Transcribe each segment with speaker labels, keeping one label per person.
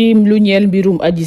Speaker 1: ci lu ñeel mbirum Adji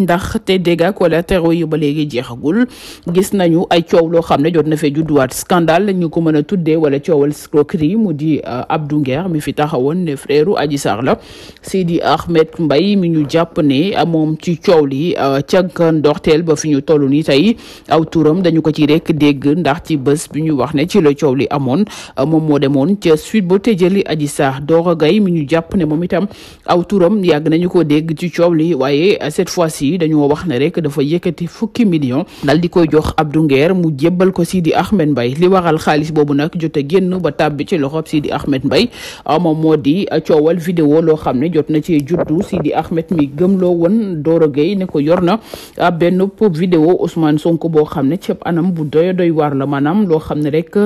Speaker 1: ndax te dégâts collatéraux yi ba léegi jeexagul gis nañu ay coow loo xam ne jot na fee judduwaat scandale ñu ko mën a tuddee wala coowal escroquerie mu di euh, Abdou Nguer mi fi taxawoon ne frère Adji Sarr la Sidi Ahmed Mbaye mi ñu jàpp ne moom ci coow li euh, ca ndorteel ba fi ñu toll nii tey aw turam dañu ko ci rek dégg ndax ci bës bi ñu wax ne ci la coow li amoon euh, moom moo demoon ca suite ba tëjali Adji Sarr Doro Gaye mi ñu jàpp ne moom itam aw turam yàgg ko dégg ci coow li waaye cette fois ci dañoo wax ne rek dafa yëkkati fukki million dal di koy jox Abdou Nguer mu jébbal ko Sidi Ahmed mbay li waral xaalis boobu nag jot a génn ba tàbbi ci loxob Sidi Ahmed Mbaye ah, moom moo di coowal vidéo loo xam ne jot na ci juddu Sidi Ahmed mi loo woon Doro Gueye ne ko yor na ah, benn pop vidéo Ousmane Sonko boo xam ne ceeb anam bu doy doy waar la maanaam loo xam ne rek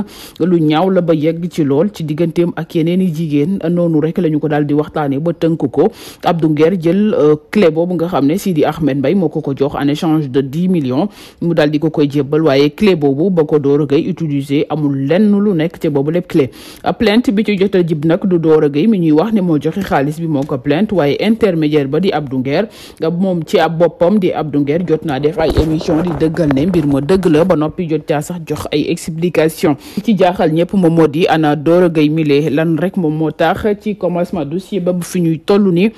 Speaker 1: lu ñaaw la ba yegg ci lool ci digganteem ak yeneen i jigéen noonu rek la ñu ko daal di waxtaanee ba tënk ko Abdou Nguer jël euh, clé boobu nga xam ne Sidi Ahmed mbay moo ko ko jox en échange de dix millions mu daal di ko koy jébbal waaye clé boobu ba ko Doro Gueye utilisé amul lenn lu nekk te boobu lépp clé plainte bi ci jot a jib nag du Doro Gueye mi ñuy wax ne moo joxe xaalis bi moo ko plainte waaye intermédiaire ba di Abdou nga moom ci ab boppam di Abdou Nguer jot naa def ay émission di dëggal ne mbir ma dëgg la ba noppi jot caa sax jox ay explication ci jaaxal ñëpp moom moo di ana Doro Gueye mile lan rek moom moo tax ci commencement dossier ba bu ñuy toll nii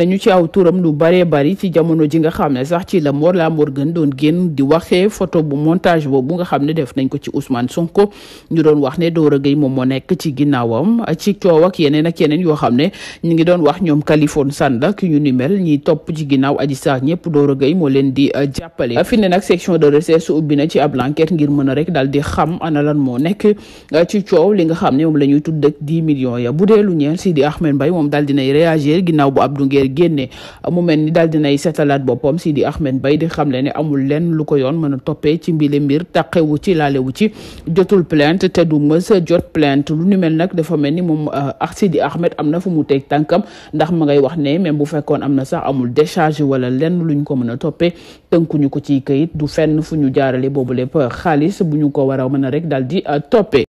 Speaker 1: nañu ci aw turam lu baree bari ci jamono ji xam ne sax ci la Mollah Morgun doon génn di waxee photo bu montage boobu nga xam ne def nañ ko ci Ousmane Sonko ñu doon wax ne Doro Gueye moom moo nekk ci ginnaawam ci coow ak yeneen ak yeneen yoo xam ne ñu ngi doon wax ñoom Kalifone Sanda ñu ni mel ñiy topp ci ginnaaw Adji Sarr ñëpp Doro Gueye moo leen di euh, jàppale fi ne nag section de recherche ubbi na ci ab enquête ngir mën a rek daal di xam a lan moo nekk euh, ci coow li nga xam ne moom la ñuy tudd ak ya bu dee Sidi Ahmed Mbaye moom daal dinay réagir ginnaaw bu génne mu mel ni daal dinay setalaat boppam Sidi Ahmed Bay di xamle ne amul lenn lu ko yoon mën a toppee ci mbile mbir taqewu ci laalewu ci jotul plainte te du mës jot plaint lu ni mel nag dafa mel ni moom euh, ak Sidi am na fu mu teg tànkam ndax ma ngay wax ne même bu fekkoon am na sax amul décharge wala lenn luñ ko mën a toppee tënkuñu ko ci kayit du fenn fu ñu jaarale boobu lépp xaalis bu ñu ko war a mën a rek daal di euh, toppee